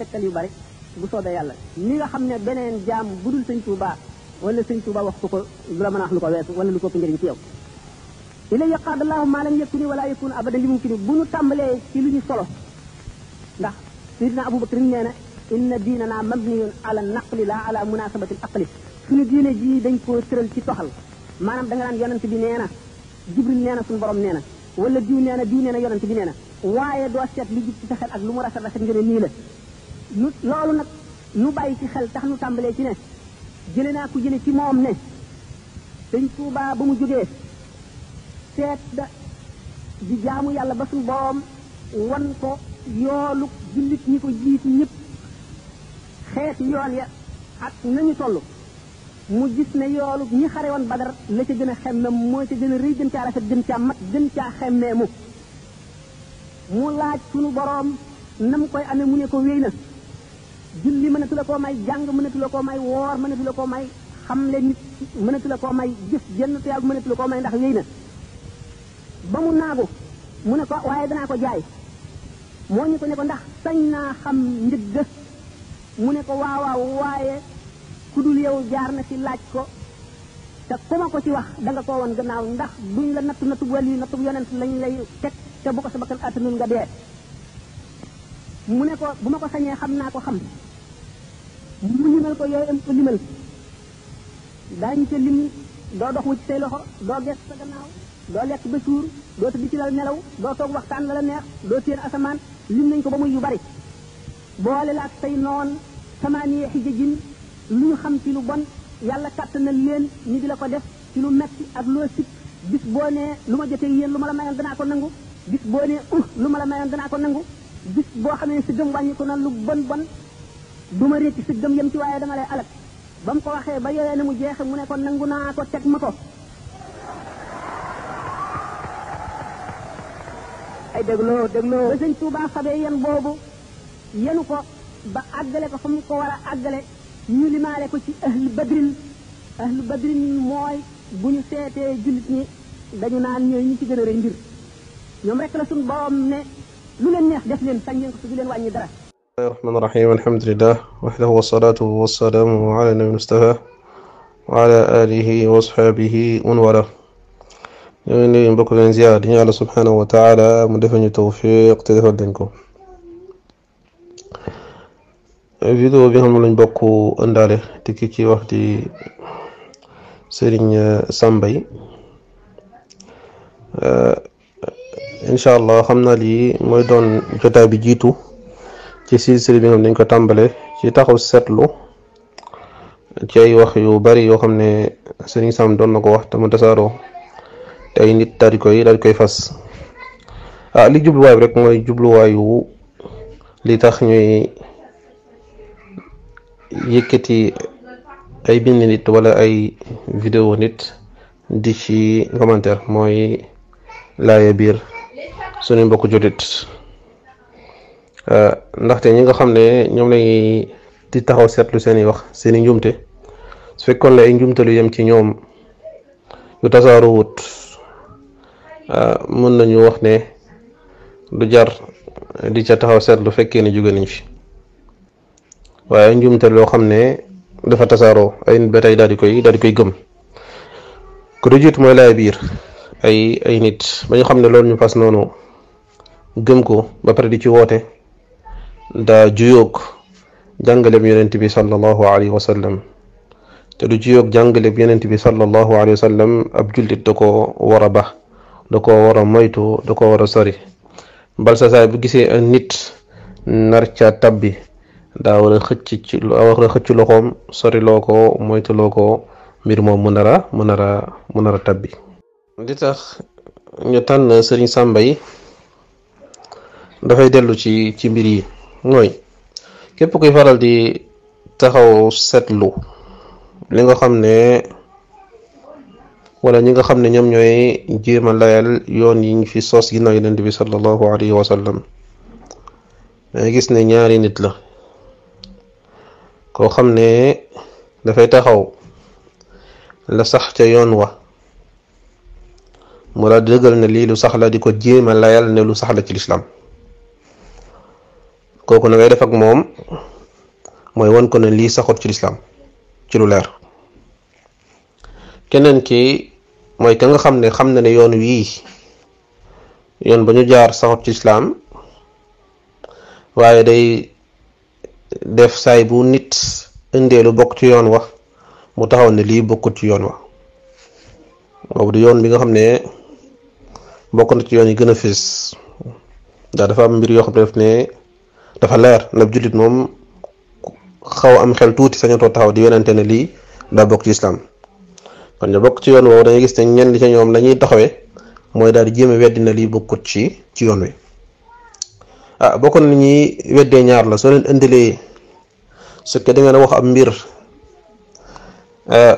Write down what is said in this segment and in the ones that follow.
tegtal yu bari bu soobee yàlla ni nga xam ne beneen jaam bu dul sëñ Tuuba wala sëñ Tuuba waxtu ko ko lu la mën a lu ko weesu wala lu ko ko njëriñ ci yow ila yaqad allahu ma lam yakuni wala yakun abada li mumkini bu ñu tàmbalee ci lu ñu solo ndax sayidina abubakar nee na inna dinana mabniyun ala naqli la ala munasabati al aqli suñu diine ji dañ ko tëral ci toxal maanaam da nga naan yonent bi neena jibril neena na suñu borom neena wala diw neena diw neena yonent bi neena na waaye doo seet li jub ci sa ak lu mu rafet rafet ngeen ni la nu loolu nag nu bàyyi ci xel tax nu tàmbalee ci ne jële naa ko jële ci moom ne sëñ Tuubaa ba mu jógee seet da di jaamu yàlla ba suñu borom wan ko yoolu jullit ñi ko jiitu ñëpp xeeti yoon ya ak nañu toll mu gis ne yoolu ñi xare woon badar la ca gën a xemmem moo ca gën a rëy gën caa rafet gën caa mag gën caa xemmeemu mu laaj sunu boroom nam koy amee mu ne ko wéy na julli mënatu la koo may jàng mënatu koo may woor mënatu la koo may xam le nit mënatu la koo may jëf jenn tuyaab mënatu la koo may ndax yéy na ba mu naagu mu ne ko waaye danaa ko jaay moo ñu ko ne ko ndax sañ naa xam njëgg mu ne ko waawaaw waaye ku dul jaar na ci laaj ko te ku ma ko ci wax da nga koo woon gannaaw ndax duñ la nattu nattu wàll yi nattu yonent lañ lay teg te bu ko sa bakkan attanul nga dee mu ne ko bu ma ko sañee xam naa ko xam mu limal ko yooyu am ko limal daañu ca lim doo dox wu ci say loxo doo gees sa gannaaw doo lekk ba suur doo tëdd ci lal nelaw doo toog waxtaan la la neex doo séen asamaan lim nañ ko ba muy yu bari boole la ak say noon yi xijajin lu ñu xam ci lu bon yàlla kàttanal leen ñu di la ko def ci lu metti ak loo sib bis boo nee lu ma jotee yéen lu ma la mayoon danaa ko nangu bis boo nee uh lu ma la mayoon danaa ko nangu bis boo xamee ne si gëm wàññiku na lu bon bon du ma récc si gëm yem ci waaye dama lay alak ba mu ko waxee ba yoree na mu jeexe mu ne ko nangu naa ko teg ma ko ay dégloo dégloo ba sëñ Tuubaa xabee yan boobu yenu ko ba àggale ko fa mu ko war a àggale ñu limaale ko ci ahlu badrin ahlu badrin mooy bu ñu seetee jullit ñi dañu naan ñooy ñu ci gën a rëy mbir ñoom rek la suñ borom ne lu leen neex def leen sañ leen ko su du leen wàññi الرحمن الرحيم الحمد لله وحده والصلاة والسلام على النبي المصطفى وعلى آله وصحبه ومن والاه يوم لي مبكو بن زياد الله سبحانه وتعالى مدفن توفيق تدفن لنكو vidéo bi xam lañ اندالي ndaale te ki ci wax incha allah xam na lii mooy doon jotaay bi jiitu ci silsile bi nga dañ ko tàmbale ci taxaw seetlu ci ay wax yu bari yoo xam ne Sëriñ Sam doon na ko wax te mu tasaaroo te ay nit daal koy daal koy fas ah li jubluwaay rek mooy jubluwaayu li tax ñuy yëkkati ay bind nit wala ay vidéo nit di ci commentaire mooy laaye biir suñu mbokku jullit euh, ndaxte ñi nga xam ne ñoom lañuy di taxaw seetlu seeni wax seeni njumte su fekkoon la ay njumte lu yem ci ñoom yu tasaaruwut euh, mën nañu wax ne du jar di ca taxaw seetlu fekkee ne jóge nañ fi waaye njumte loo xam ne dafa tasaaroo ay nit ba tey daal di koy daal koy gëm ku du jiit mooy laay biir ay ay nit ba ñu xam ne loolu ñu fas noonu gëm ko ba pare di ci woote daa juyoog jàngaleem yonent bi sallallahu alayhi wa te du juyoog jàngaleem yonent bi sallallahu alayhi wa sallam ab jullit da ko war a ba da ko war a moytu da ko war a sori bal sa saay bu gisee ak nit nar ca tabbi daa war a xëcc ci daa xëcc loxoom sori loo ko moytu ko mbir moom mu nar a mu nar a mu nar a tabbi tax ñu tànn Sëriñ Sàmba yi dafay dellu ci ci mbir yi mooy képp kuy faral di taxaw seetlu li nga xam ne walla ñi nga xam ne ñoom ñooy jéem a layal yoon yiñ fi sos ginnaaw yonent bi sallallahu alayhi wa sallam dangay gis ne ñaari nit la koo xam ne dafay taxaw la sax ca yoon wa mu la dëggal ne lii lu sax la di ko jéem a layal ne lu sax la ci lislaam kooku na ngay def ak moom mooy won ko ne lii saxut ci lislaam ci lu leer keneen ki mooy ka nga xam ne xam na ne yoon wii yoon ba ñu jaar saxut ci lislaam waaye day def saay bu nit indee lu bokk ci yoon wa mu taxaw ne lii bokkut ci yoon wa boobu di yoon bi nga xam ne bokk na ci yoon yi gën a fés ndax dafa am mbir yoo xam ne def ne dafa leer na jullit moom xaw am xel tuuti sañatoo taxaw di wenante ne lii daa bokk ci islam kon ñu bokk ci yoon woowu dañuy gis ne ñenn ci ñoom lañuy taxawee mooy daal di jéem a weddi na lii bokkut ci ci yoon wi ah bokkoon ni ñuy weddee ñaar la soo leen indilee su wax ab mbir eh,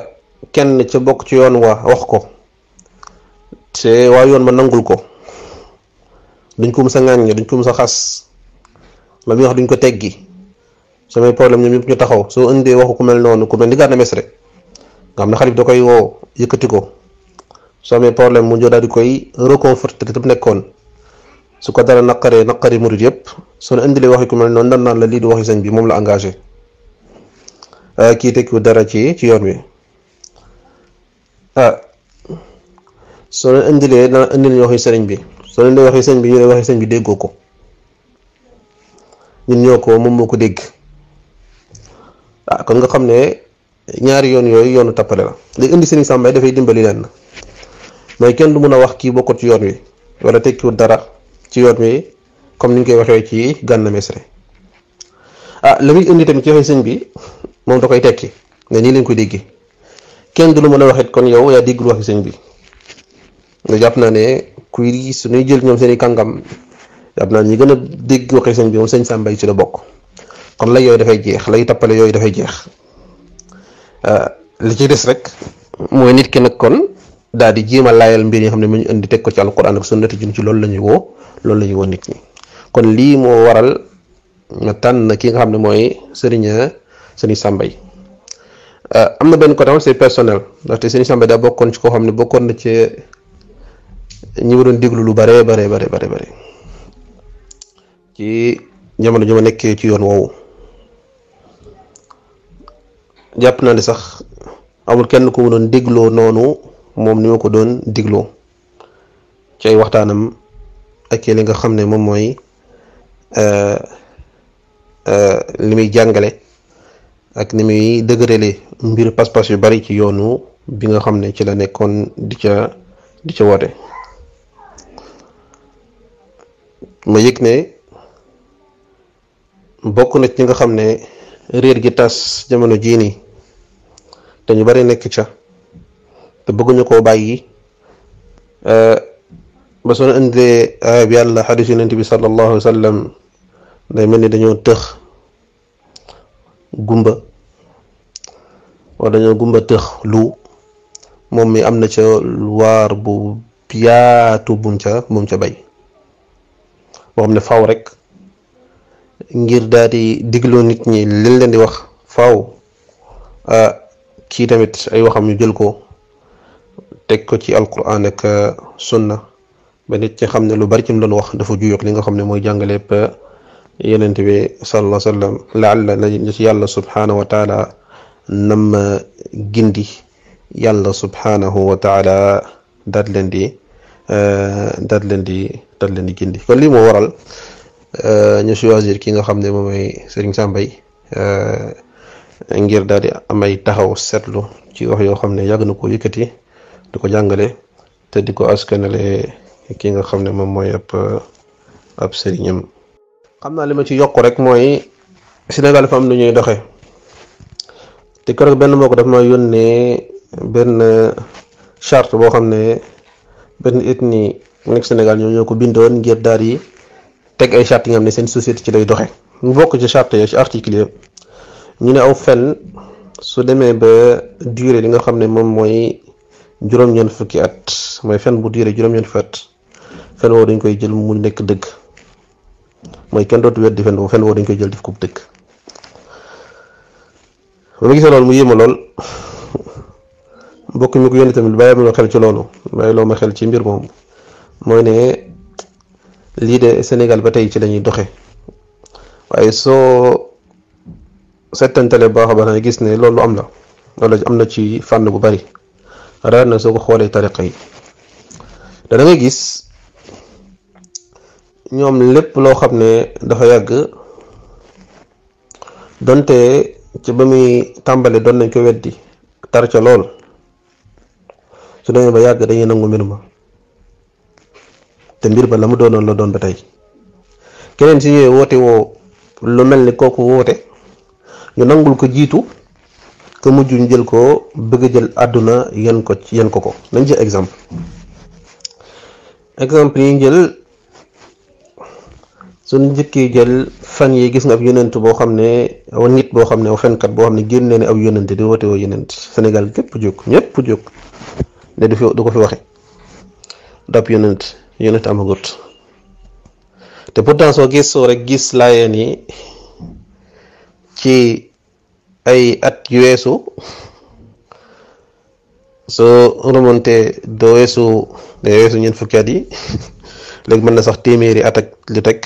kenn ca bokk ci yoon wa wax ko te waa yoon ma nangul ko duñ ko mës a ŋàññ duñ ko mës a xas la muy wax duñ ko teggi samay problème ñoom yëpp ñu taxaw soo indee waxu ku mel noonu ku mel ni na Messere nga xam ne bi da koy woo yëkkati ko soo amee problème mu joo daal di koy reconforté te nekkoon su ko dara naqaree naqari murit yëpp soo indilee waxi ku mel noonu dan naan la lii di waxi sëñ bi moom la engagé ah, kii tekkiwu dara ci ci yoon wi ah soo indilee dana indil waxi sëriñ bi soo indilee waxi sëñ bi ñu ne waxi bi déggoo ko. ñun ñoo ko moom moo ko dégg ah kon nga xam ne ñaari yoon yooyu yoonu tappale la léegi indi Serigne Sam Mbaye dafay dimbali leen mooy kenn du mën a wax kii bokkut ci yoon wi wala tekkiwut dara ci yoon wi comme ni ñu koy waxee ci gànnames Messere ah, la muy indi tamit ci waxee sëñ bi moom da koy tekki ne nii lañ ko déggee kenn du lu mën a waxit kon yow yaa déggul waxi sëñ bi nga jàpp naa ne kuy suñuy jël ñoom seen i kàngam am naa ñi gën a dégg waxee sëñ bi ci la bokk kon la yooyu dafay jeex lay tappale yooyu dafay jeex li ci des rek mooy nit ki nag kon daal di jéem a laayal mbir yi xam ne mu ñu indi teg ko ci alquran ak sunnati jun ci loolu la ñuy woo loolu la ñuy woo kon lii moo waral nga tànn ki nga xam ne mooy sëriñ sëriñ Samba yi am na benn côté am c'est personnel ndaxte sëriñ daa bokkoon ci koo xam ne bokkoon na ci ñi ma doon déglu lu bare bare bare bare bare ci jamono ju ma nekkee ci yoon woowu jàpp naa ne sax amul kenn ku mu doon dégloo noonu moom ni ma ko doon dégloo ci ay waxtaanam ak li nga xam ne moom mooy euh, euh, li muy jàngale ak ni muy dëgërale mbir pas-pas yu bari ci yoonu bi nga xam ne ci la nekkoon di ca di ca woote ma yëg ne bokk na ci nga xam ne réer gi tas jamono jii nii dañu bari nekk ca te bëgguñu koo bàyyi euh, ba soo indee ayab yàlla xadis yonent bi sallallahu alayhi wa day mel ni dañoo tëx gumba wala dañoo gumba tëx lu moom mi am na ca waar bu yaatu bumu ca moom ca bay boo xam ne faw rek ngir daal di digloo nit ñi liñ leen di wax faw ah, kii tamit ay waxam ñu jël ko teg ko ci alquran ak ah, sunna ba nit ñi xam ne lu bari ci mu doon wax dafa juyoog li nga xam ne mooy jàngaleeb ah, yenent bi sallallahu alayhi wa sallam laalla na yàlla subhanahu wa taala nam gindi yàlla subhanahu wa taala daat leen di daat leen di daat leen di gindi kon lii moo waral Euh, ñu choisir ki nga xam ne moom mooy Serigne Sam Mbaye euh, ngir daal di am taxaw seetlu ci wax yoo xam ne yàgg na koo yëkkati di ko jàngale te di ko askanale ki nga xam ne moom mooy ab ab sëriñam xam naa li ma ci yokk rek mooy Sénégal fa am lu ñuy doxe te keroog benn mbokk daf ma yónnee benn charte boo xam ne benn ethnie nekk Sénégal ñoo ñoo ko bindoon ngir daal yi teg ay charte yi nga xam ne seen société ci lay doxe mu bokk ci charte yooyu ci article yëpp ñu ne aw fen su demee ba durée li nga xam ne moom mooy juróom-ñeent fukki at mooy fen bu durée juróom-ñeent fukki at fen woowu dañ koy jël mu nekk dëgg mooy kenn dootu weddi fen dañ koy jël def ko dëgg ba ma gisee loolu mu yéema lool mbokk mi ko yónni tamit bàyyi ma xel ci loolu bàyyi loo ma xel ci mbir moom mooy ne lii de Sénégal ba tey ci la doxe doxee waaye soo settantale baax a baax gis ne loolu am la loolu am na ci fànn bu bari raar na soo ko xoolee tariqa yi da ngay gis ñoom lépp loo xam ne dafa yàgg donte ci ba muy tàmbale doon nañ ko weddi tar ca lool su demee ba yàgg dañuy nangu mbir ma te mbir ba la mu doonoon la doon ba tey keneen si ñëwee woote woo lu mel ni kooku woote ñu nangul ko jiitu ko mujj jël ko bëgg a jël àdduna yan ko yan ko ko nañ jël exemple exemple yi jël suñ njëkkee jël fan yi gis nga ab yonent boo xam ne aw nit boo xam ne aw fenkat boo xam ne génne ne ab yonent di woote woo yonent Sénégal gépp jóg ñëpp jóg ne du fi du ko fi waxe dab yonent yonent amagut te pourtant soo gisoo rek gis laayeen yi ci ay at yu weesu soo remonté doo weesu day weesu ñeent fukki at yi léegi mën na sax téeméeri at ak lu teg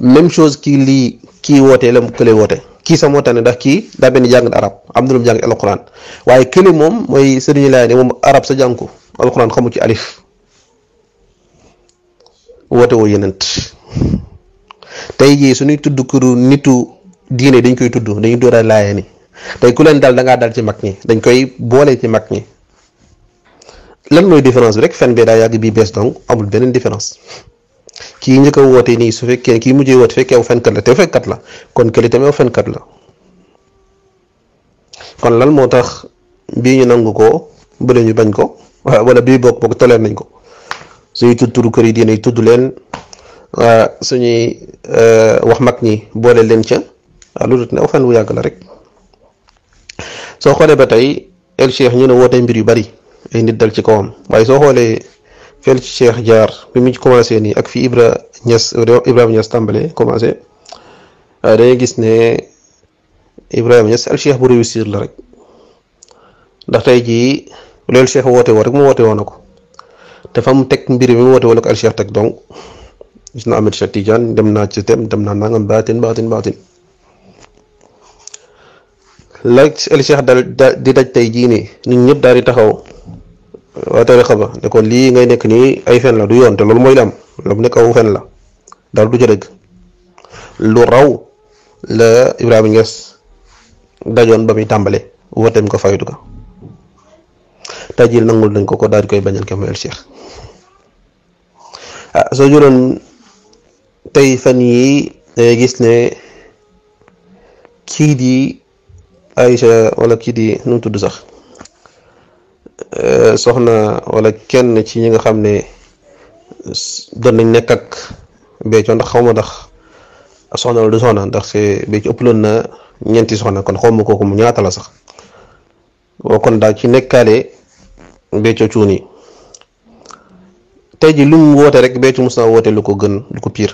même chose kii lii kii wootee la kële woote kii sa moo tax ne ndax kii daa benn jàng arab am na lu jàng alquran waaye kële moom mooy sëriñu laayeen sa jàng ci alif woote woo yenent tey jii suñuy tudd këru nitu diine dañ koy tudd dañuy dóor a laaya ni tey ku leen dal da ngaa ci mag ñi dañ koy boole ci mag ñi lan mooy différence bi rek fen bee daa yàgg bii bees donc amul beneen différence kii njëkk woote nii su fekkee kii mujjee woote fekkee aw fenkat la te fenkat la kon këli tamit aw fenkat la kon lan moo tax bii ñu nangu ko bële ñu bañ ko wala bii bokk bokk toleer nañ ko suñuy tudd turu kër yi diine yi tudd leen ah, suñuy eh, wax mag ñi boole leen ca waaw ah, loolu ne waxaan wu yàgg la rek soo xoolee ba tey el cheikh ñu ne wootee mbir yu bari ay nit dal ci kawam waaye soo xoolee fel cheikh jaar bi mu commencé nii ak fi Ibra Niass Ibrahima Niass tàmbale commencé ah, dangay gis ne Ibrahima Niass el cheikh bu réussir la rek ndax tey jii loolu cheikh woote woo rek mu woote woon na ko. dafa teg mbir mi woote wala ko al cheikh teg donc gis na Ahmed Cheikh Tidiane dem naa ci tem dem naa nangam baatin baatin baatin la al cheikh dal di daj tey jii nii nit ñëpp daal di taxaw waa tarixa ba ne lii ngay nekk nii ay fen la du yoon te loolu mooy la am la mu nekk aw fen la daal du ca lu raw la Ibrahima Niass dajoon ba muy tàmbale wooteem ko faydu ko tey jii nangul nañ ko ko daal di koy bañal Kamal Cheikh ah soo jëloon tey fan yii day gis ne kii di Aïcha wala kii di nu tudd sax eh, soxna wala kenn ci ñi nga xam ne doon nañ nekk ak Béthio ndax xaw ma ndax soxna wala du soxna ndax Béthio ëpploon na ñeenti soxna kon xaw ma kooku mu ñaata la sax. boo kon daal ci nekkaale Béthio Thioune tey ji lu mu woote rek Béthio mos naa woote lu ko gën lu ko piir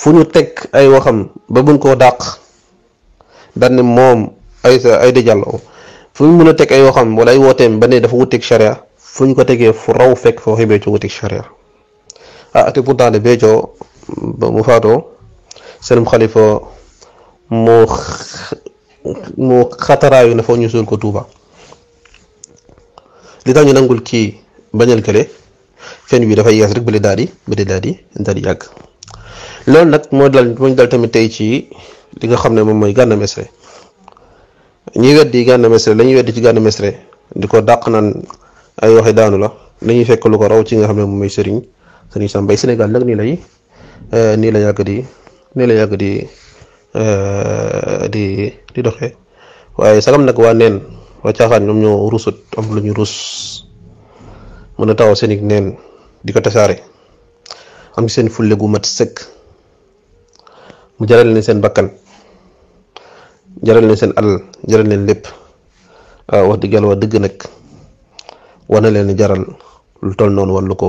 fu ñu teg ay waxam ba buñ koo dàq daan ne moom ay ay di jàlloo fu ñu mën a teg ay waxam wala ay wooteem ba ne dafa wuteeg charia fu ko tegee fu raw fekk fa waxi Béthio wuteeg charia ah te pourtant de Béthio ba mu faatoo seen xalifa moo moo xataraayu na foo ñu suul ko tuuba li tax ñu nangul kii bañal kële fen wii dafay yees rek bële daal di bële daal di daal di yàgg loolu nag moo dal moo dal tamit tey ci li nga xam ne moom mooy Gana Messere ñuy weddi Gana Messere la ñuy weddi ci Gana Messere di ko dàq naan ay waxi daanu la dañuy fekk lu ko raw ci nga xam ne moom mooy sëriñ sëriñ Sam Mbaye Sénégal nag nii lay eh, nii la yàgg di nii la yàgg di eh, di waaye sagam nag waa neen waa caaxaan ñoom ñoo rusut am lu ñu rus mën a taxaw seen i di ko tasaare am seen fulle gu mat sëkk mu jaral leen seen bakkan jaral leen seen alal jaral leen lépp waaw ah, wax dëgg yàlla dëgg nag war leen jaral lu toll noonu wala lu ko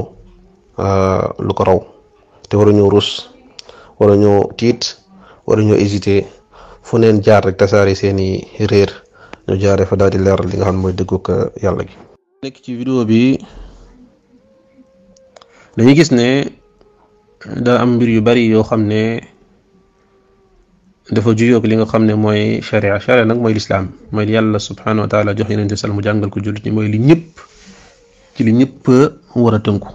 ah, lu ko raw te waruñoo rus waruñoo tiit waruñoo hésité fu neen jaar rek tasaare seeni réer. ñu jaaree fa daal di leeral li nga xam ne mooy dëggu ko yàlla gi. nekk ci vidéo bi dañuy gis ne daa am mbir yu bari yoo xam ne dafa juyoog li nga xam ne mooy sharia sharia nag mooy lislaam mooy yàlla subhanahu wa jox yeneen mu jàngal ko jullit ñi li ñëpp ci li ñëpp war tënku.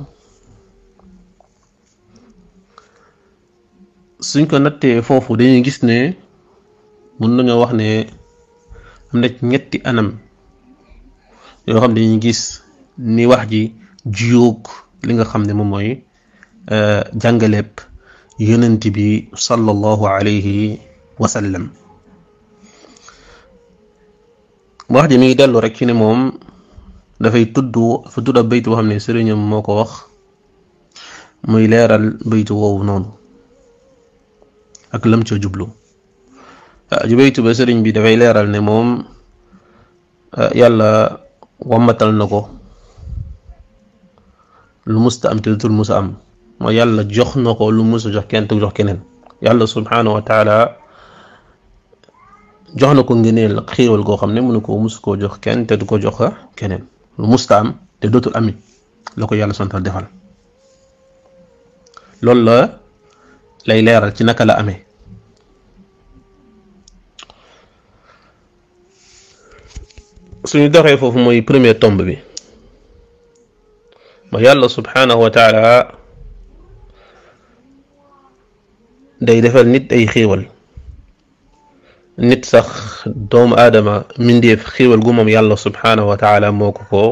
suñ ko nattee foofu dañuy gis ne mën nañoo wax ne. am na ñetti anam yoo xam ne dañuy gis ni wax ji jiyóog li nga xam ne moom mooy euh, jàngaleeb yonent bi sallallahu alayhi wa wax ji mi ngi dellu rek ci ne moom dafay tudd fa tudd ab bayt boo xam ne sëriñam moo ko wax muy leeral baytu woowu noonu ak lam ca jublu jubaytu ah, ba sëriñ bi dafay leeral ne moom ah, yàlla wammatal na ko lu musta am te dootul musa am mooy yàlla jox na ko lu musa jox kenn te keneen yàlla subhaanahu wa taala jox na ko ngëneel xéewal koo xam ne mënu ko mus koo jox kenn du ko jox keneen lu musta am te dootul amit la ko yàlla santal defal loolu la lay leeral ci naka la amee suñu doxee foofu mooy premier tomb bi ma yàlla subhanahu wa taala day defal nit ay xéewal nit sax doomu aadama mindeef xéewal gu moom yàlla subhanahu wa taala moo ko ko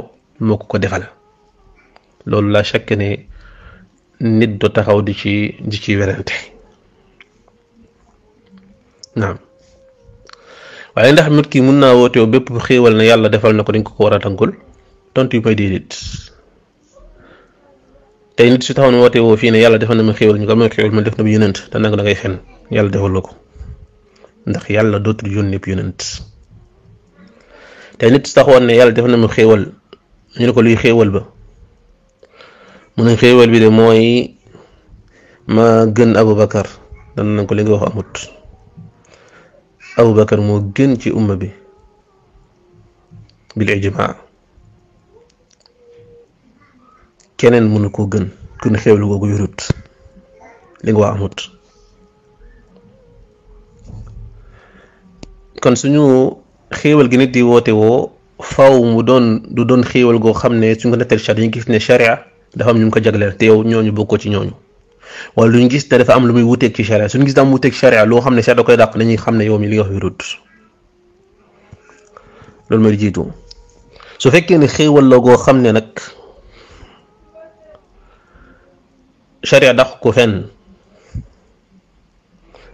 moo ko ko defal loolu laa chaque ne nit do taxaw di ci di ci werante naam waaye ndax nit ki mun naa wootew bépp xéewal na yàlla defal na ko dañ ko ko war a tànkul tontu yu may déedéet tey nit su taxaw ne woote woo fii ne yàlla defal na ma xéewal ñu ko amee xéewal ma def na bu yonent te nag da ngay fen yàlla defal la ko ndax yàlla dootul yónneeb yonent tey nit su taxawoon ne yàlla defal na ma xéewal ñu ne ko luy xéewal ba mu ne xéewal bi de mooy ma gën abou Aboubacar dana nañ ko li nga wax amut abubakar moo gën ci umma bi bil ijmaa keneen mënu koo gën ku ne xewlu googu yurut li nga waa amut kon suñu xéewal gi nit di woote woo faw mu doon du doon xéewal goo xam ne su ko nettali charte yi gis ne charia dafa am ñu ko jagleel te yow ñooñu bokkoo ci ñooñu wala lu ñu gis te dafa am lu muy wuteeg ci charia suñu gis daa am wuteeg charia loo xam ne sax da koy dàq nañuy xam ne yow mi li nga loolu mooy jiitu su fekkee ne xéewal la goo xam ne nag charia dàq ko fenn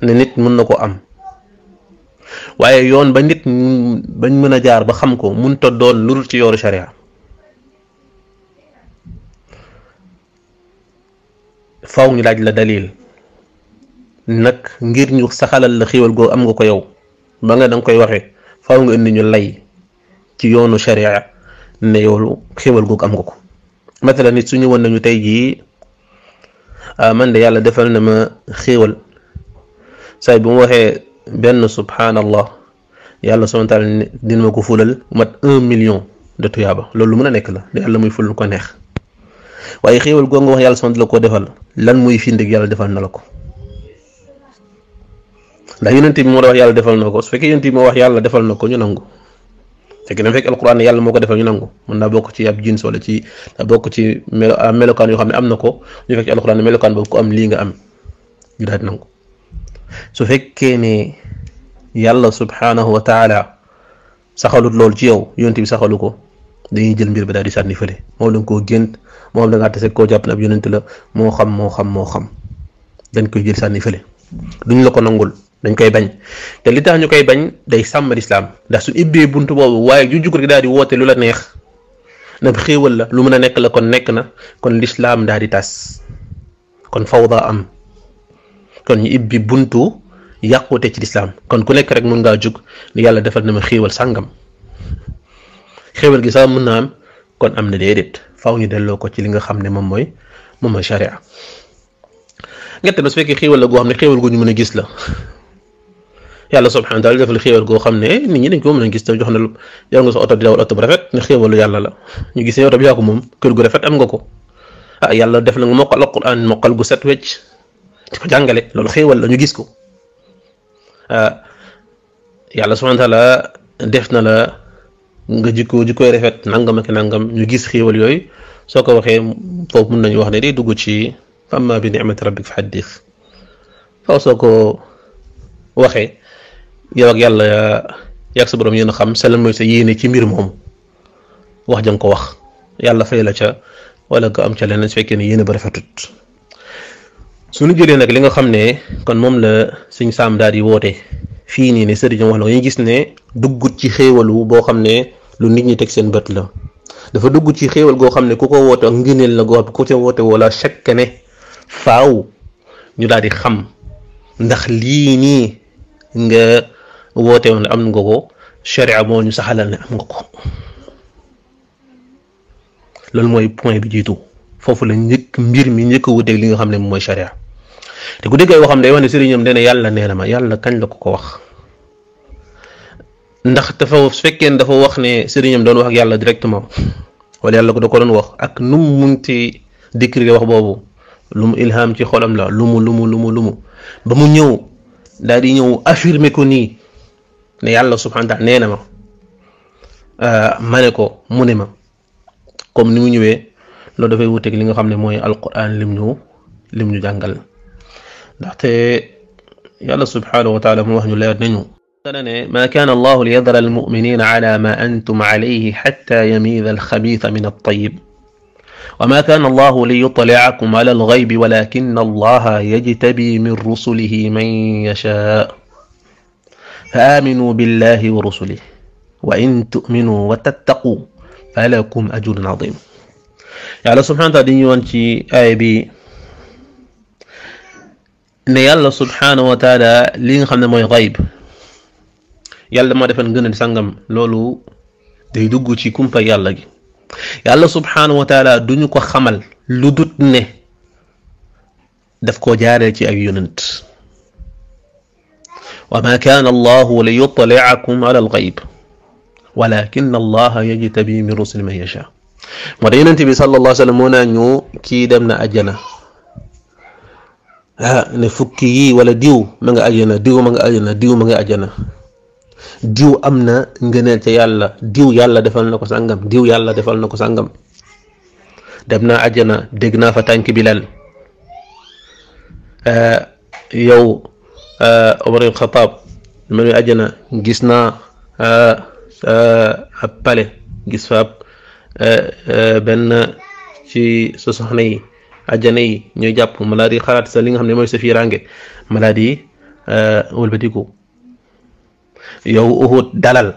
ne nit mën na ko am waaye yoon ba nit bañ mën a jaar ba xam ko mënta doon lu dul ci yooru charia faw ñu laaj la dalil nag ngir ñu saxalal la xéewal googu am nga ko yow ba nga danga koy waxee faw nga indi ñu lay ci yoonu sharia ne yow xéewal googu am nga ko matala nit su ñu woon nañu tey jii ah, man de yàlla defal na ma xéewal say bi mu waxee benn subhanallah yàlla subhana taala dina ma ko fulal mat un million de tuyaaba loolu lu a nekk la yàlla muy ful ko neex waaye xéewal goo wax yàlla sama la ko defal lan muy findig yàlla defal na la ko ndax yonent bi moo la wax yàlla defal na ko su fekkee moo wax yàlla defal na ko ñu nangu fekk na fekk alquran yàlla moo ko defal ñu nangu mën naa bokk ci ab jins ci bokk ci melo ah, melokaan yoo xam ne am na ko ñu fekk ci alquran melokaan boobu am lii nga am ñu daal di nangu su fekkee ne yàlla subhanahu wa taala saxalut loolu ci yow yonent bi saxalu ko dañuy jël mbir ba daal di sànni fële moom da koo génn moom xam da ngaa tase koo jàpp ne ab yonent la moo xam moo xam moo xam dañ koy jël sànni fële duñ la ko nangul dañ koy bañ te li ñu koy bañ day sàmm lislaam ndax suñ ibbee bunt boobu waaye ju jug rek daal di woote lu la neex nag xéewal la lu mën a nekk la kon nekk na kon lislaam daal di tas kon fawda am kon ñu ibbi buntu yàqute ci lislaam kon ku nekk rek mun ngaa jug yàlla defal na ma xéewal sàngam xewal gi sama mën am kon amna dedet faaw ñu delo ko ci li nga xamne mom moy mom moom sharia charia ñett na su fekkee xéewal la go xamne xewal go ñu mëna gis la yàlla subhanahu wa taala defal xewal go xamne nit ñi dañ ko mëna gis te jox na yor nga sa auto di dawal auto bu rafet ne lu yàlla la ñu gis ne auto bi ya ko mom keur gu rafet am nga ko ah yàlla def na nga mokkal alquran mokkal gu set wecc ci ko jàngale lolu xewal la ñu gis ko ah yàlla subhanahu wa taala def na la nga jikkoo jikkooy rafet nangam ak nangam ñu gis xéewal yooyu soo ko waxee foofu mun nañu wax ne day dugg ci fa amma bi nicmati rabbik fa xaddis faaw soo ko waxee yow yàlla yàgg sa borom yéen xam sa lan sa yéene ci mbir wax jang ko wax yàlla fay la ca wala nga am ca leneen su fekkee ne yéene ba rafetut su ñu jëlee nag li nga xam ne kon moom la suñ saam daal di woote. fii nii ne sëriñ wax na ko ñu gis ne duggut ci xéewalu boo xam ne lu nit ñi teg seen bët la dafa dugg ci xéewal goo xam ne ku ko woote ak ngëneel goo xam ne ku ca woote faaw ñu daal di xam ndax lii nii nga woote woon am nga ko sharia moo ñu saxalal ne am nga ko loolu mooy point bi jiitu foofu la njëkk mbir mi njëkk a wuteeg li nga xam ne mooy sharia te ku dégg ay waxam day wax ne sëriñam dana yàlla nee na ma yàlla kañ la ko ko wax ndax dafa su fekkee ne dafa wax ne sëriñam doon wax ak yàlla directement wala yàlla ko da ko doon wax ak nu mu munti décrire wax boobu lu mu ilham ci xolam la lu mu lu mu lu mu lu mu ba ñëw daal di ñëw affirme ko nii ne yàlla subhanahu taala nee na ma euh, ma ne ko mu ne ma comme ni mu ñëwee loolu dafay wuteeg li nga xam ne mooy alquran lim ñu lim ñu jàngal. دحتي يلا سبحانه وتعالى من وحده لا يرنينو ما كان الله ليذر المؤمنين على ما أنتم عليه حتى يميز الخبيث من الطيب وما كان الله ليطلعكم على الغيب ولكن الله يجتبي من رسله من يشاء فآمنوا بالله ورسله وإن تؤمنوا وتتقوا فلكم أجر عظيم يعني سبحانه وتعالى آية بي ne yàlla subhanahu wa taala li nga xamne moy ghaib yàlla mo defal ngeen sangam lolu day dugg ci kumpa yàlla gi yàlla subhanahu wa taala duñu ko xamal lu dut ne daf ko jaare ci ak yonent wa ma kaana allahu li yutliakum ala alxayb walakin allaha yajtabi min rusuli man yasha moo da yonent bi sallallahu alayhi wa sallam moo naa ñu ها نفكي ولا ديو مانغا اجانا ديو مانغا اجانا ديو مانغا اجانا ديو امنا نغنال تا يالا ديو يالا ديفال نكو سانغام ديو يالا ديفال نكو سانغام دبنا اجانا دغنا فا تانكي بلال ا يو ا عمر الخطاب منو اجانا غيسنا ا ا ابالي غيسفاب ا بن شي سوسخني ajjana yi ñooy jàpp maladi xalaat sa li nga xam ne mooy sa fiiraange maladi yi euh, wëlbatiku yow uhud dalal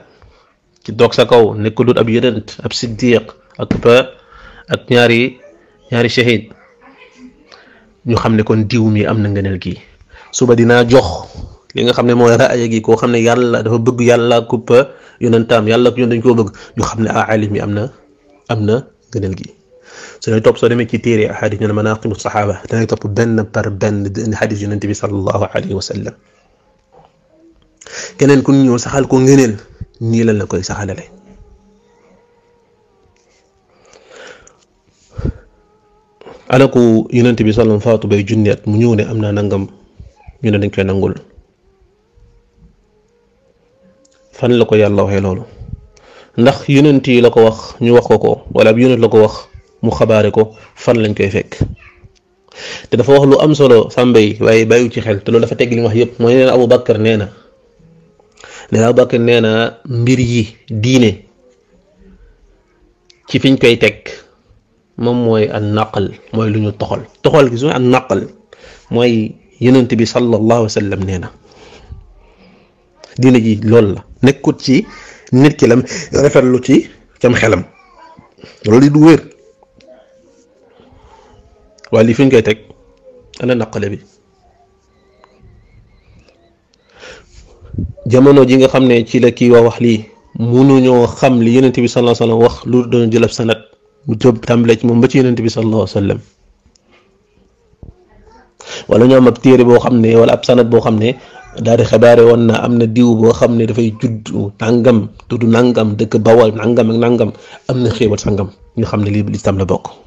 ci doog sa kaw nekk lu ab yonent ab siddiq ak ba ak ñaari ñaari shahid ñu xam ne kon diw mi am na ngëneel gi suba dinaa jox li nga xam ne mooy raaya gi koo xam ne yàlla dafa bëgg yàlla kuppa yonentaam yàlla ko ñoom dañ koo bëgg ñu xam ne ah alim mi am na am na ngëneel gi su lay topp soo demee ci téere xadis ñu ne manaqibu saxaaba da ngay topp benn par benn xadis yonent bi salallahu alayhi wa sallam keneen ku ñëw saxal ko ngëneel nii lan la koy saxalale alaku yonent bi salam faatu bay junneet mu ñëw ne am naa nangam ñu ne dañ koy nangul fan la ko yàlla waxee loolu ndax yonent yi la ko wax ñu wax ko ko wala ab yonent la ko wax mu xabaare ko fan lañ koy fekk te dafa wax lu am solo sàmba yi waaye bàyyiwu ci xel te loolu dafa tegg li mu wax yëpp mooy nee na Abu Bakar nee na nee na nee na mbir yi diine ci fiñ koy teg moom mooy an naqal mooy lu ñu toxal toxal gi su a naqal mooy yonent bi sallallahu alayhi wa nee na diine ji loolu la nekkut ci nit ki lam rafetlu ci cam xelam loolu di du wér waa lii fi ñu koy teg ana naqale bi jamono ji nga xam ne ci la kii waa wax lii munuñoo xam li yonent bi sallallahu alayhi wa sallam wax lu doon jëlab sanat mu jóg tàmbale ci moom ba ci yonent bi sallallahu alayhi wa sallam wala ñu am ab téere boo xam ne wala ab sanat boo xam ne daal di xabaare woon na am na diw boo xam ne dafay judd nàngam tudd nàngam dëkk bawal nàngam ak nàngam am na xéewal sàngam ñu xam ne lii lislaam la bokk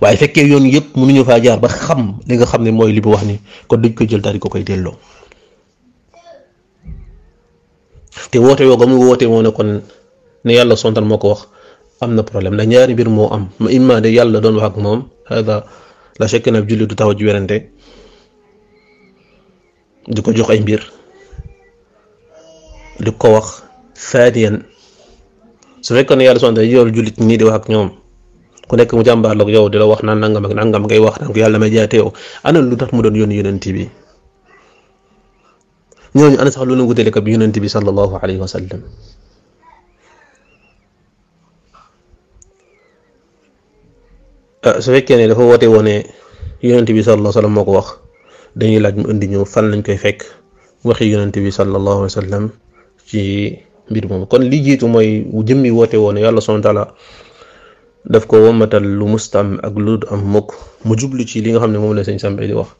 waaye fekkee yoon yëpp mënuñu faa jaar ba xam li nga xam ne mooy li mu wax ni kon duñ ko jël daal di koy delloo te woote woo ga mu woote moo kon ne yàlla sontal moo ko wax am na problème ndax ñaari mbir moo am ma imma de yàlla doon wax ak moom hada la chekk na julli du taxaw ci werante di ko jox ay mbir di ko wax faadiyan su fekkoon ne yàlla sontal yoolu jullit ñii di wax ak ñoom ku nekk mu jàmbaarloog yow di la wax naan nangam ak nangam ngay wax naan ko yàlla may jaay teew ana lu tax mu doon yónni yonent bi ñooñu ana sax lu nu wutale bi yonent bi sallallahu alayhi wa sallam ah, su fekkee ne dafa woote woone yonent bi sallallahu sallam moo ko wax dañuy laaj mu indi ñëw fan lañ koy fekk waxi yonent bi sallallahu alayhi wa sallam ci mbir moom kon li jiitu mooy jëmmi woote woone yàlla subhaanahu wa taala daf ko wammatal lu musta ak lu am mukk mu jublu ci li nga xam ne moom la sëñ Sam Mbay di wax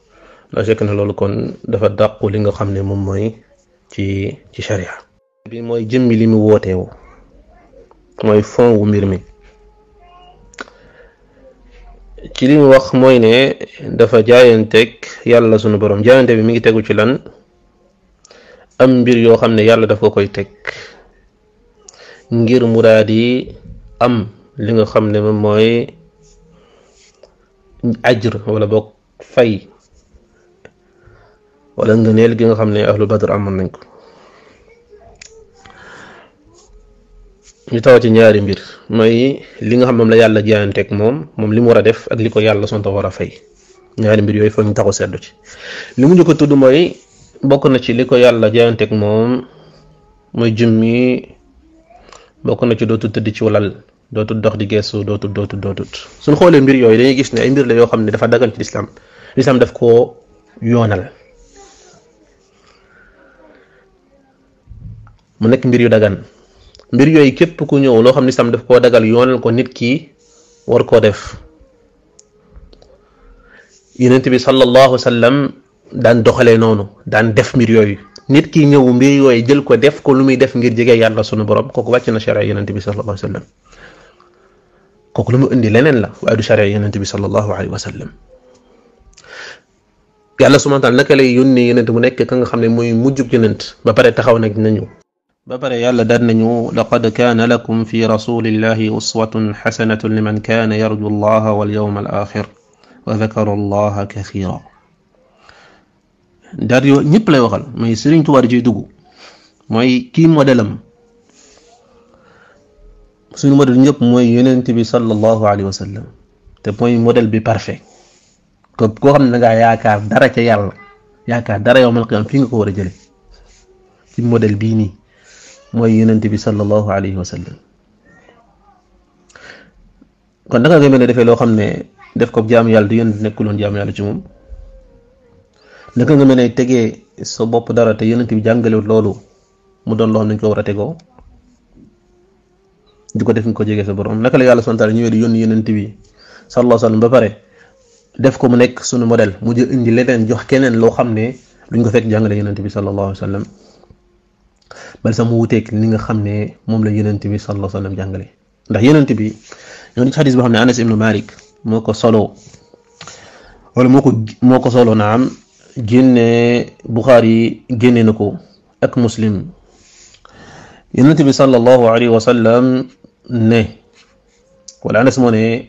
ndax fekk na loolu kon dafa dàqu li nga xam ne moom mooy ci ci sharia bi mooy jëmmi li mu wooteewu mooy fond wu mbir mi ci li mu wax mooy ne dafa jaayanteeg yàlla sunu boroom jaayante bi mi ngi tegu ci lan am mbir yoo xam ne yàlla daf ko koy teg ngir muraad yi am li nga xam ne moom mooy ajr wala boog fay wala ngëneel gi nga xam ne ahlu badr amoon nañ ko ñu taw ci ñaari mbir mooy li nga xam moom la yàlla jaayanteeg moom moom li mu war a def ak li ko yàlla sonta war a fay ñaari mbir yooyu foog ñu taxu seddu ci li mu ñu ko tudd mooy bokk na ci li ko yàlla jaayanteeg moom mooy jëmmi bokk na ci dootu tëdd ci walal dootut dox di geesu dootut dootut dootut suñ xoolee mbir yooyu dañuy gis ne ay mbir la yoo xam ne dafa dagan ci lislaam lislaam def koo yoonal mu nekk mbir yu dagan mbir yooyu képp ku ñëw loo xam ne lislaam daf koo dagal yoonal ko nit ki war koo def yonent bi sallallahu alayhi wa sallam daan doxalee noonu daan def mbir yooyu nit ki ñëw mbir yooyu jël ko def ko lu muy def ngir jege yàlla sunu borom kooku wàcc na sharia yonent bi sallallahu alayhi kooku indi lenen la waaye du sharia yonent bi sallallahu alayhi wa sallam yàlla subhanahu wa taala naka lay yónnee yonent mu nekk ka nga xamne moy mooy mujjug yonent ba pare taxaw nak nañu ba pare yàlla daan nañu laqad kana lakum fi rasulillahi uswatun xasanatun liman kana yarju allah wal yawm al akhir wa dhakara allah kathira dar yo ñep lay waxal mooy serigne touba ji duggu moy ki modelam suñu modèle ñëpp mooy yonent bi sallallahu alayhi wa sallam te mooy modèle bi parfait ko koo xam ne da yaakaar dara ca yàlla yaakaar dara yow mal qiyam fi nga ko war a jële ci modèle bii nii mooy yonent bi sallallahu alayhi wa sallam kon da nga mën a defee loo xam ne def ko jaamu yàlla du yonent nekkuloon jaamu yàlla ci moom da nga mën a tegee sa bopp dara te yonent bi jàngalewut loolu mu doon loo xam ne ko war a tegoo di ko def nga ko jege sa bi def ko mu nekk sunu modèle mu jël indi leneen jox keneen loo xam ne duñ ko fekk jàngale yonent bi sallallahu alayhi wa sallam bal sax mu li nga xam ne moom la yonent bi sallallahu alayhi wa sallam ndax yonent bi ñoo ngi ci xadis boo xam ne Anas ibnu Malik moo ko solo wala moo ko moo ko solo naam génne Buxaari génnee na ko ak Muslim yonent bi sallallahu alayhi wa No. ¿Cuál es su nombre?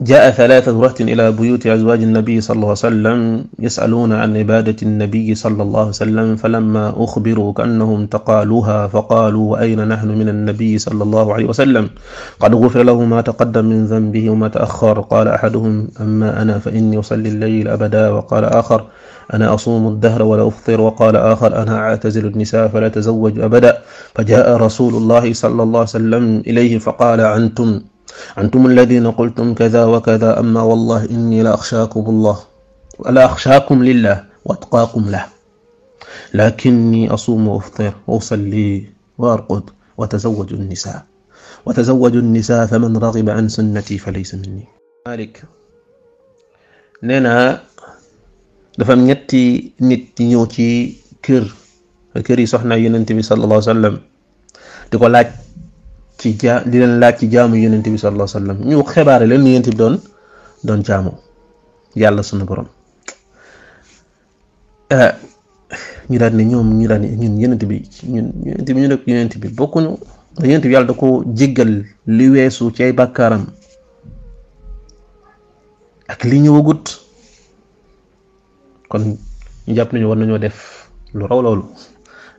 جاء ثلاثة رهط إلى بيوت أزواج النبي صلى الله عليه وسلم يسألون عن عبادة النبي صلى الله عليه وسلم فلما أخبروا كأنهم تقالوها فقالوا وأين نحن من النبي صلى الله عليه وسلم قد غفر له ما تقدم من ذنبه وما تأخر قال أحدهم أما أنا فإني أصلي الليل أبدا وقال آخر أنا أصوم الدهر ولا أفطر وقال آخر أنا أعتزل النساء فلا تزوج أبدا فجاء رسول الله صلى الله عليه وسلم إليه فقال عنتم أنتم الذين قلتم كذا وكذا أما والله إني لا أخشاكم الله ولا أخشاكم لله وأتقاكم له لكني أصوم وأفطر وأصلي وأرقد وتزوج النساء وتزوج النساء فمن رغب عن سنتي فليس مني مالك نينا دفم نتي نتي نيوتي كر كري صحنا ينتمي صلى الله عليه وسلم تقول لك ci jaa di leen laaj ci jaamu yonent bi sallallahu alayhi wa sallam ñu xibaare leen ni bi doon doon jaamu yàlla suñu borom eh, ñu daan ne ñoom ñu daan ñun yonent bi ñun yonent bi ñu nekk yonent bi bokku yonent bi yàlla da ko jéggal li weesu ci ay bàkkaaram ak li ñëwagut kon ñu jàpp nañu war nañoo def lu raw loolu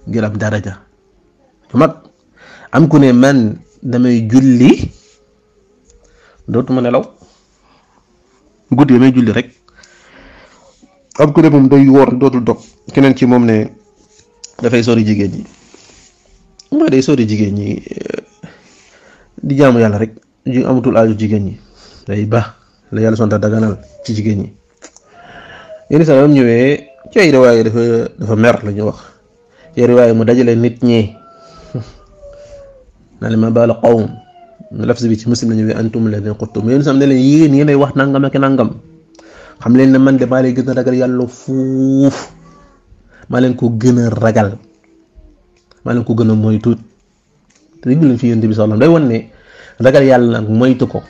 ngir am daraja mag am ku ne man damay julli dootuma nelaw guddi damay julli rek am ku ne day woor dootul dog keneen ci moom ne dafay sori jigéen ñi mooy day sori jigéen ñi eh, di jaamu yàlla rek ju amatul aaju jigéen ñi day baax la yàlla sonta daganal ci jigéen ñi yenn saa yi ñëwee ci riwaay dafa dafa mer la ñu wax ci riwaay mu dajale nit ñi naa leen ma baal qawm lafz ci muslim la ñëwee antum alladina quttum yéen sam ne leen yéen yéenay wax nangam ak nangam xam leen ne man de maa leen gën a ragal yàlla fuuf maa leen ko gën a ragal maa leen ko gën a moytu te déglu leen fi yéen bi sallam day wan ragal yàlla nag moytu ko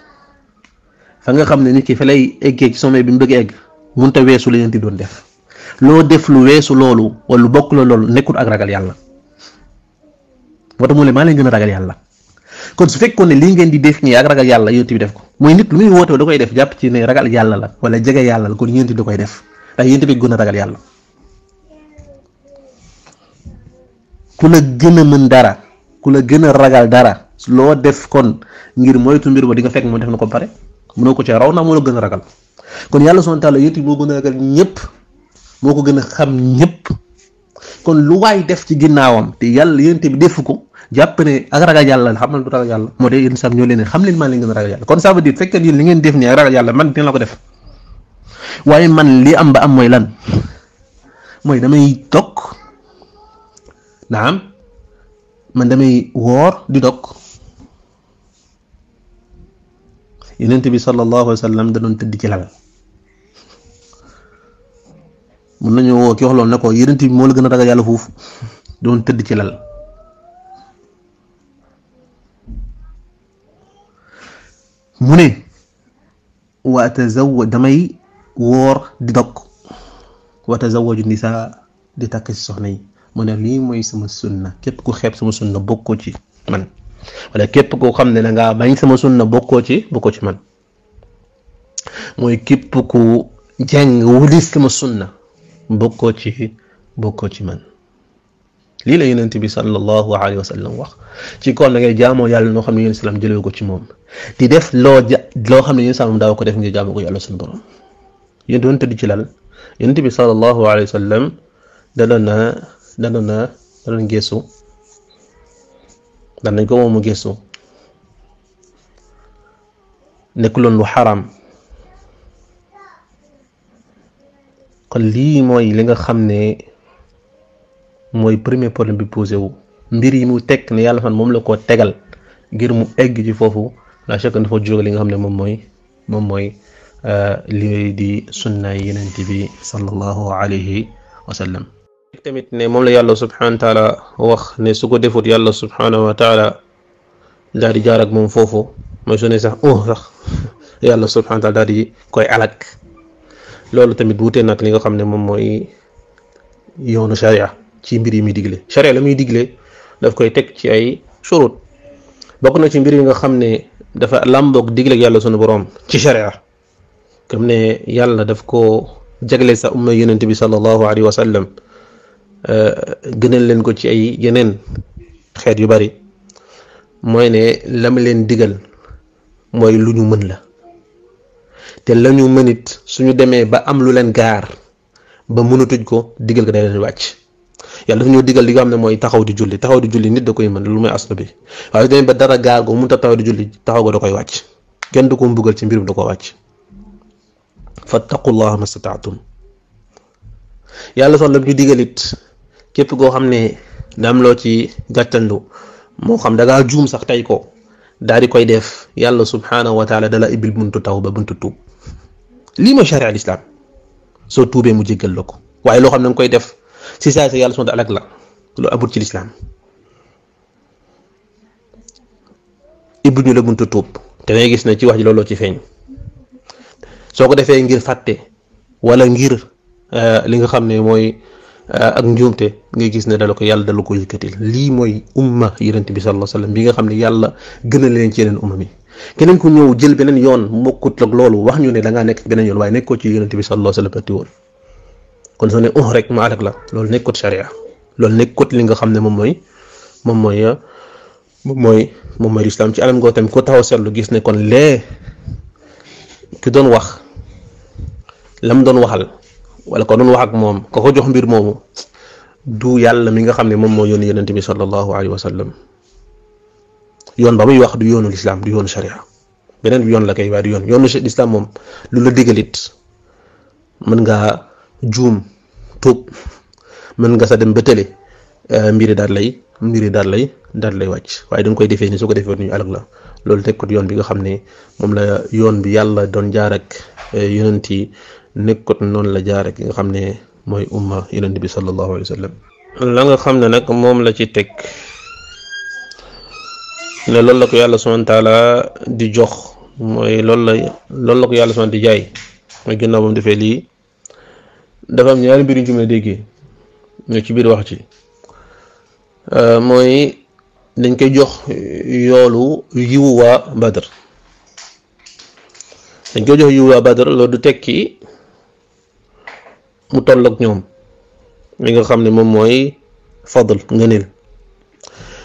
fa nga xam ne nit ki fa lay eggee ci sommet bi mu bëgg egg mënut a weesu la doon def loo def lu weesu loolu wala lu bokk la loolu nekkul ak ragal yàlla. moo tax mu ne maa leen gën a ragal yàlla kon su fekkoon ne lii ngeen di def nii ak ragal yàlla yonent bi def ko mooy nit lu muy woote da koy def ne ragal yàlla la wala jege yàlla la kon yonent bi da koy def ndax yonent bi gën a ragal a mën dara ku la gën a ragal dara loo def kon ngir moytu mbir ba di nga fekk moo def na ko pare mënoo ko ci raw na moo la gën a ragal kon yàlla subhaanahu wa taala bi moo gën a ragal ñëpp moo ko gën a xam ñépp kon lu waay def ci ginnaawam te yàlla yonent bi defu ko jàpp ne ak ragal yàlla la xamal du ragal yàlla moo dee yéen sam ñoo leen xam leen maa leen gën a ragal yàlla kon ça veut dire fekk yéen li man dina la ko def waaye man lii am ba am mooy lan mooy damay dog naam man damay woor di dog yonent bi sallallahu alayhi wa sallam da tëdd ci lal mën nañu woo wax loolu ne ko yonent moo la gën a ragal yàlla doon tëdd ci lal mu ne wa damay woor di dog wa tazawaju nisaa di takk ci soxna yi mu ne lii mooy sama sunna képp ku xepp sama sunna bokkoo ci man wala képp koo xam ne da ngaa bañ sama sunna bokkoo ci bokkoo ci man mooy képp ku jàng wulis sama sunna bokkoo ci bokkoo ci man lii la yonent bi sallallahu alayhi wa sallam wax ci koor da ngay jaamoo yàlla noo xam ne yéen salaam jëlee ko ci moom di def loo ja loo xam ne yéen salaam daaw ko def ngir jaamoo ko yàlla suñu borom yéen doon tëdd ci lal bi sallallahu alayhi wa sallam dana na dana na dana ko moom mu gëstu nekkuloon lu xaram kon lii mooy li nga xam ne. mooy premier problème bi posé wu mbir yi mu teg ne yàlla fan moom la ko tegal ngir mu egg ci foofu la chaque dafa jóge li nga xam ne moom mooy moom mooy euh, li di sunna yenent bi sallallahu alayhi wa sallam tamit ne moom la yàlla subhanahu wa taala wax ne su ko defut yàlla subhanahu wa taala daal di moom foofu mooy su ne sax oh sax yàlla subhanahu taala daal koy alak loolu tamit wuute nag li nga xam ne moom mooy yoonu sharia ci mbir yi muy digle charia la muy digle daf koy teg ci ay shurut bokk na ci mbir yi nga xam ne dafa làmboog digle ak yàlla sunu boroom ci charia comme ne yàlla daf ko jagle sa umma yonent bi sallallahu alayhi wa sallam euh, gënal leen ko ci ay yeneen xeet yu bari mooy ne lam leen digal mooy lu ñu mën la te la ñu mënit suñu demee ba am lu leen gaar ba mënatuñ ko digal ko day leen wàcc yàlla dafa ñoo digal li nga xam ne mooy taxaw di julli taxaw di julli nit da koy ba dara gaar go mënut a taxaw di koy wàcc kenn du ko mbugal ci mbirum da ko wàcc fattaqullaha mastataatum yàlla sax la ñu digal it képp koo xam ne daam loo ci gàttandu moo xam dangaa juum sax tey ko daal di koy def yàlla subhaanahu wa taala dala ibil buntu taw ba buntu tuub lii mooy charia al soo tuubee mu jéggal la ko waaye loo xam ne nga koy def si saa sa yàlla subhaanahu wa la lu amul ci lislaam ibbu ñu la buntu tuub te ngay gis ne ci wax ji looloo ci feeñ soo ko defee ngir fàtte wala ngir euh, li nga xam ne mooy euh, ak njuumte ngay gis ne dala ko yàlla dala ko yëkkatil lii mooy umma yonent bi sallallahu alayhi bi nga xam ne yàlla gën a leen ci yeneen umma mi keneen ku ñëw jël beneen yoon mokkut ak loolu wax ñu ne da ngaa nekk beneen yoon waaye nekkoo ci yonent bi sallallahu alayhi wasallam kon soo ne uh rek ma alak la lol nekkut sharia lol nekkut li nga xamne mom moy mom moy mom moy mom moy l'islam ci alam go tam ko taw selu gis ne kon le ki doon wax lam doon waxal wala ko doon wax ak mom ko ko jox mbir mom du yàlla mi nga xamne mom mo yoni yenen tibi sallallahu alayhi wasallam yon yoon ba muy wax du yoonu lislaam du yoonu sharia benen yon la kay wa du yon yoonu lislaam mom lu la digalit man nga juum tuub mën nga sa dem ba tële euh, mbiri daal lay mbiri daal lay daal lay wàcc waaye da koy defee ni su ko defee ñu alag la loolu nekkut yoon bi nga xam ne moom la yoon bi yàlla doon jaar ak euh, yonent yi noonu la jaar ak xam ne mooy umma yonent bi sallallahu alayhi wa sallam la nga xam ne nag moom la ci teg ne loolu la ko yàlla subhanahu wa di jox mooy loolu la loolu la ko yàlla subhanahu di jaay mooy ginnaaw ba mu defee lii dafa am ñaari mbir yu ñu ci déggee ñoo ci biir wax ci euh, mooy dañ koy jox yoolu yiwu waa dañ koy jox yiwu waa Badr loolu du tekki mu toll ak ñoom li nga xam ne moom mooy fadl ngëneel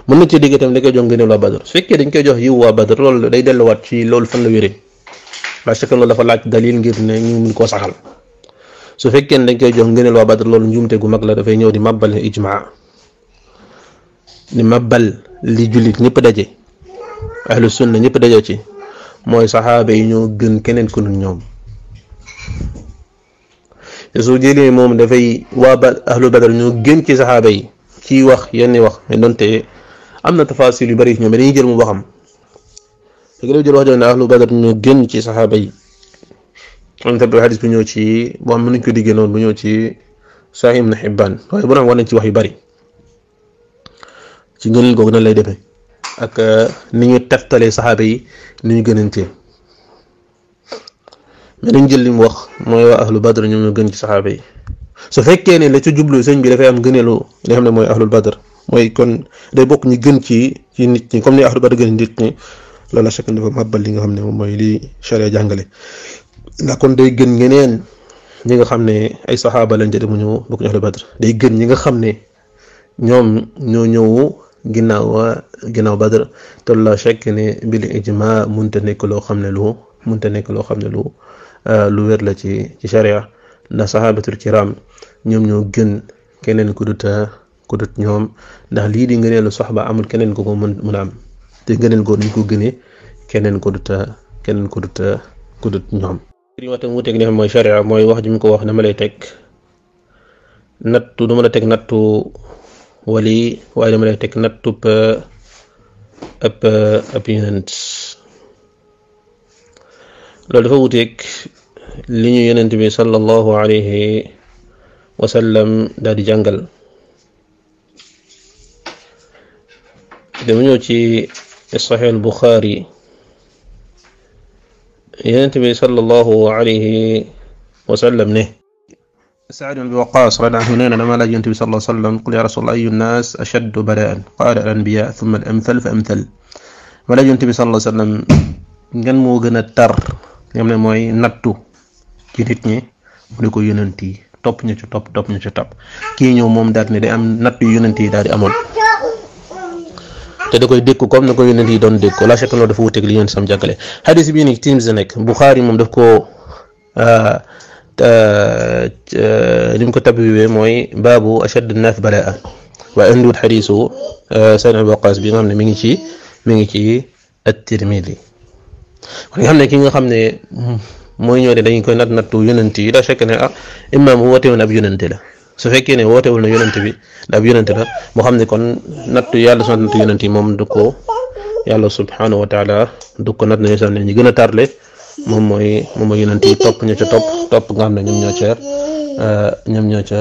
mën na ci dégg tamit dañ koy jox ngëneel la Badr su fekkee dañ koy jox yiwu waa Badr loolu day delluwaat ci loolu fan la wéree parce que loolu dafa laaj dalil ngir ne ñu mun koo saxal. su fekkee ne dañ koy jox ngëneel waa badar loolu njuumte gu mag la dafay ñëw di màbbal ijmaa di màbbal li jullit ñëpp daje ahlu sunna ñëpp daje ci mooy saxaaba yi ñoo gën keneen ku dul ñoom te soo jëlee moom dafay waa ba ahlu badar ñoo gën ci saxaaba yi ciy wax yenn wax mais donte am na tafaasil yu bari ñoom dañuy jël mu waxam te jël wax jooju ne ahlu badar ñoo gën ci saxaaba yi. am na xadis bu ñëw ci boo xam ne nañ ko diggee noonu bu ñëw ci Sahih Ibn Hibban waaye bu doon war nañ ci wax yu bari ci ngëneel googu nan lay demee ak euh, ni ñu teftalee saxaaba yi ni ñu gënantee mais nañ jël li mu wax mooy waa ahlu badr ñoom ñoo gën ci saxaaba yi su fekkee ne la ci jublu sëñ bi dafay am gëneelu li xam ne mooy ahlul badr mooy kon day bokk ñu gën ci ci nit ñi comme ni ahlul badr gën nit ñi loolu la chacun dafa màbbal li nga xam ne moom mooy li charia jàngale ndax kon day gën ñeneen ñi nga xam ne ay saxaaba lañ te demuñu bokk ñu day gën ñi nga xam ne ñoom ñoo ñëw ginnaaw ginnaaw badr te la chekk ne bil ijma munta nekk loo xam ne lu munta nekk loo xam ne lu euh, lu wér la ci ci sharia ndax saxaabatul kiram ñoom ñoo gën keneen ku dut ku ñoom ndax lii di ngëneelu saxba amul keneen ku ko mën mën a am te ngëneel goor ñu ko gënee keneen ko keneen ko dut ñoom kalimatam wuuteeg li nga xam mooy sharia mooy wax ji mu ko wax dama lay teg nattu dama la teg nattu wali waaye dama lay teg nattu ab ab yonent loolu dafa wuuteeg li ñu yonent bi sallallahu alayhi wa sallam daal di jàngal dama ñëw ci saxiix al Buxaari yonent bi sallallahu alayhi wa sallam ne Saad ibn Abi Waqqas radiyallahu anhu nee na dama laaj yonent bi sallallahu alayhi wa sallam qul ya rasulullah ayu nnaas ashaddu balaan qaala al anbiya thumma amthal fa amthal ma laaj yonent bi sallallahu ngan moo gën a tar mooy nattu ci nit ñi mu ne ko yonent yi topp ñu ci topp topp ñu ci topp kii ñëw moom daal ni day am nattu yonent yi daal di amoon te da koy dékku comme na ko yonent yi doon dékku la fekk loolu dafa wuteeg li yonent sam jàggale xadis bii nii timis la nekk Buxaari moom daf euh, euh, ko li ko tabiwee mooy baabu ashad naas balaa waaye indiwut bi nga ne mi ngi ci mi ngi ci at-Tirmidi kon xam ne ki nga xam ne mooy ñoo ne dañu koy nat nattu yonent yi daa fekk ne ah imaam wu woote woon ab yonent la su fekke ne wootewul na yonent bi ndax yonent la mu xam kon natu yalla su nattu yonent yi moom du ko yalla subhanahu wa taala du ko nat na ñoo xam ne ñi gën a mom moy mooy moom mooy yonent yi topp ñoo top uh, uh, topp uh, nga xam ne ñoo ci euh ñoom ñoo ci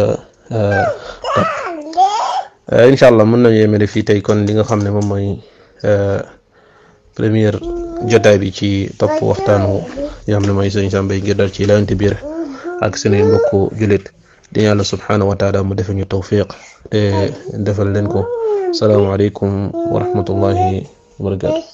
euh inshallah mën nañu yemele fi tay kon li nga xamne mom moy euh premier jotay bi ci top waxtanu yoo na ne mooy sëñ Sam Mbaye ngir dal ci layante bir ak suñuy mbokk julit di yàlla subhanahu wa taala mu defal ñu tawfiq te defal leen ko salaamaaleykum wa rahmatullahi wa barakatu